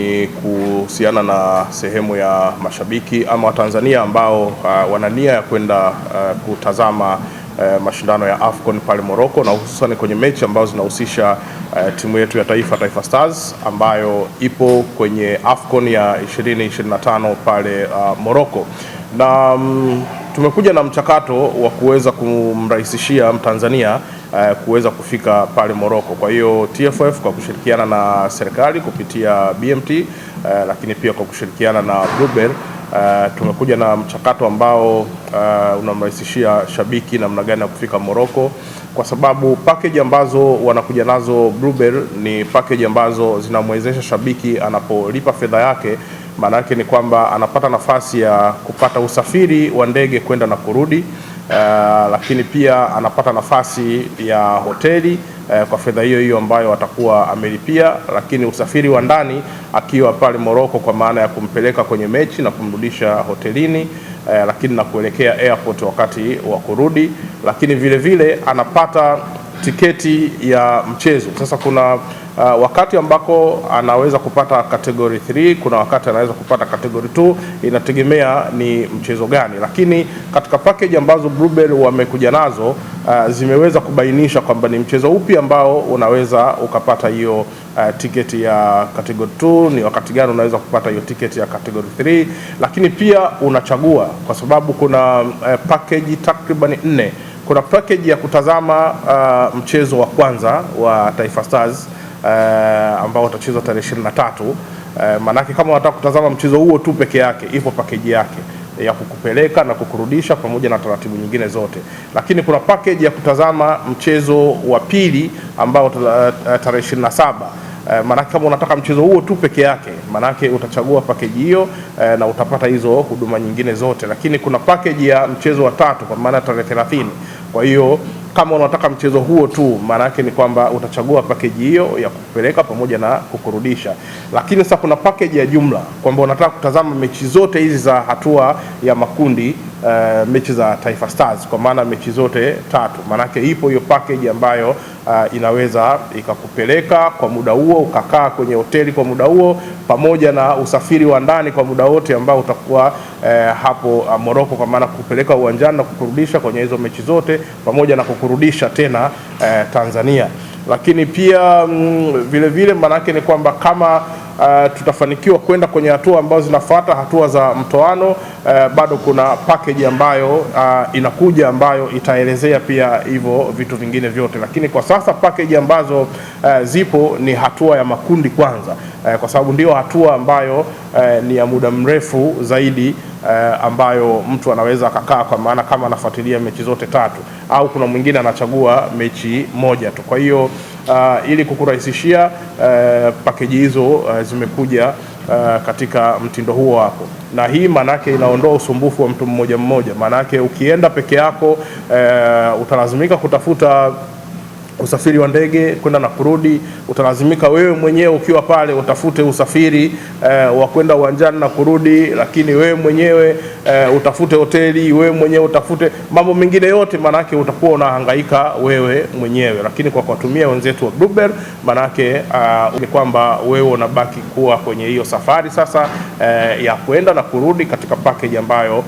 Ni kuhusiana na sehemu ya mashabiki ama Watanzania ambao uh, wana nia ya kwenda uh, kutazama uh, mashindano ya AFCON pale Morocco na hususan kwenye mechi ambazo zinahusisha uh, timu yetu ya taifa Taifa Stars ambayo ipo kwenye AFCON ya 2025 pale uh, Morocco na um, tumekuja na mchakato wa kuweza kumrahisishia Mtanzania uh, kuweza kufika pale Morocco. Kwa hiyo TFF kwa kushirikiana na serikali kupitia BMT uh, eh, lakini pia kwa kushirikiana na Bluebell uh, tumekuja na mchakato ambao uh, unamrahisishia shabiki namna gani ya kufika Morocco, kwa sababu package ambazo wanakuja nazo Bluebell ni package ambazo zinamwezesha shabiki anapolipa fedha yake maana yake ni kwamba anapata nafasi ya kupata usafiri wa ndege kwenda na kurudi. Uh, lakini pia anapata nafasi ya hoteli uh, kwa fedha hiyo hiyo ambayo atakuwa amelipia, lakini usafiri wa ndani akiwa pale moroko kwa maana ya kumpeleka kwenye mechi na kumrudisha hotelini uh, lakini na kuelekea airport wakati wa kurudi, lakini vile vile anapata tiketi ya mchezo. Sasa kuna Uh, wakati ambako anaweza kupata category 3, kuna wakati anaweza kupata category 2, inategemea ni mchezo gani, lakini katika package ambazo Bluebell wamekuja nazo uh, zimeweza kubainisha kwamba ni mchezo upi ambao unaweza ukapata hiyo uh, tiketi ya category 2, ni wakati gani unaweza kupata hiyo tiketi ya category 3, lakini pia unachagua kwa sababu kuna uh, package takriban nne kuna package ya kutazama uh, mchezo wa kwanza wa Taifa Stars uh, ambao utachezwa tarehe 23. Uh, maanake kama unataka kutazama mchezo huo tu peke yake, ipo package yake ya kukupeleka na kukurudisha pamoja na taratibu nyingine zote, lakini kuna package ya kutazama mchezo wa pili ambao uh, tarehe 27 uh, maanake kama unataka mchezo huo tu peke yake, maanake utachagua pakeji hiyo eh, na utapata hizo huduma nyingine zote. Lakini kuna pakeji ya mchezo wa tatu kwa maana tarehe thelathini kwa hiyo kama unataka mchezo huo tu, maana yake ni kwamba utachagua pakeji hiyo ya kupeleka pamoja na kukurudisha. Lakini sasa kuna pakeji ya jumla kwamba unataka kutazama mechi zote hizi za hatua ya makundi uh, mechi za Taifa Stars kwa maana mechi zote tatu, maanake ipo hiyo package ambayo uh, inaweza ikakupeleka kwa muda huo ukakaa kwenye hoteli kwa muda huo pamoja na usafiri wa ndani kwa muda wote ambao utakuwa uh, hapo Morocco, kwa maana kupeleka uwanjani na kukurudisha kwenye hizo mechi zote pamoja na kukurudisha tena uh, Tanzania. Lakini pia mm, vile vile maanake ni kwamba kama uh, tutafanikiwa kwenda kwenye hatua ambazo zinafuata, hatua za mtoano. Uh, bado kuna package ambayo uh, inakuja ambayo itaelezea pia hivyo vitu vingine vyote, lakini kwa sasa package ambazo uh, zipo ni hatua ya makundi kwanza, uh, kwa sababu ndio hatua ambayo uh, ni ya muda mrefu zaidi Uh, ambayo mtu anaweza akakaa, kwa maana kama anafuatilia mechi zote tatu au kuna mwingine anachagua mechi moja tu. Kwa hiyo uh, ili kukurahisishia uh, eh, pakeji hizo uh, zimekuja uh, katika mtindo huo hapo, na hii maanake inaondoa usumbufu wa mtu mmoja mmoja, maanake ukienda peke yako uh, utalazimika kutafuta usafiri wa ndege kwenda na kurudi, utalazimika wewe mwenyewe ukiwa pale utafute usafiri eh, wa kwenda uwanjani na kurudi, lakini wewe mwenyewe eh, utafute hoteli, wewe mwenyewe utafute mambo mengine yote, maanake utakuwa unahangaika wewe mwenyewe. Lakini kwa kuwatumia wenzetu wa Bluebell, maanake uh, kwamba wewe unabaki kuwa kwenye hiyo safari sasa eh, ya kwenda na kurudi katika package ambayo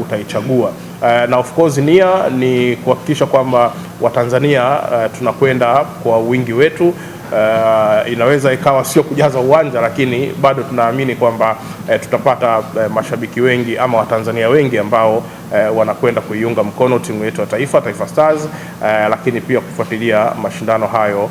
utaichagua uta Uh, na of course nia ni kuhakikisha kwamba Watanzania uh, tunakwenda kwa wingi wetu. Uh, inaweza ikawa sio kujaza uwanja, lakini bado tunaamini kwamba uh, tutapata uh, mashabiki wengi ama Watanzania wengi ambao uh, wanakwenda kuiunga mkono timu yetu ya taifa, Taifa Stars uh, lakini pia kufuatilia mashindano hayo.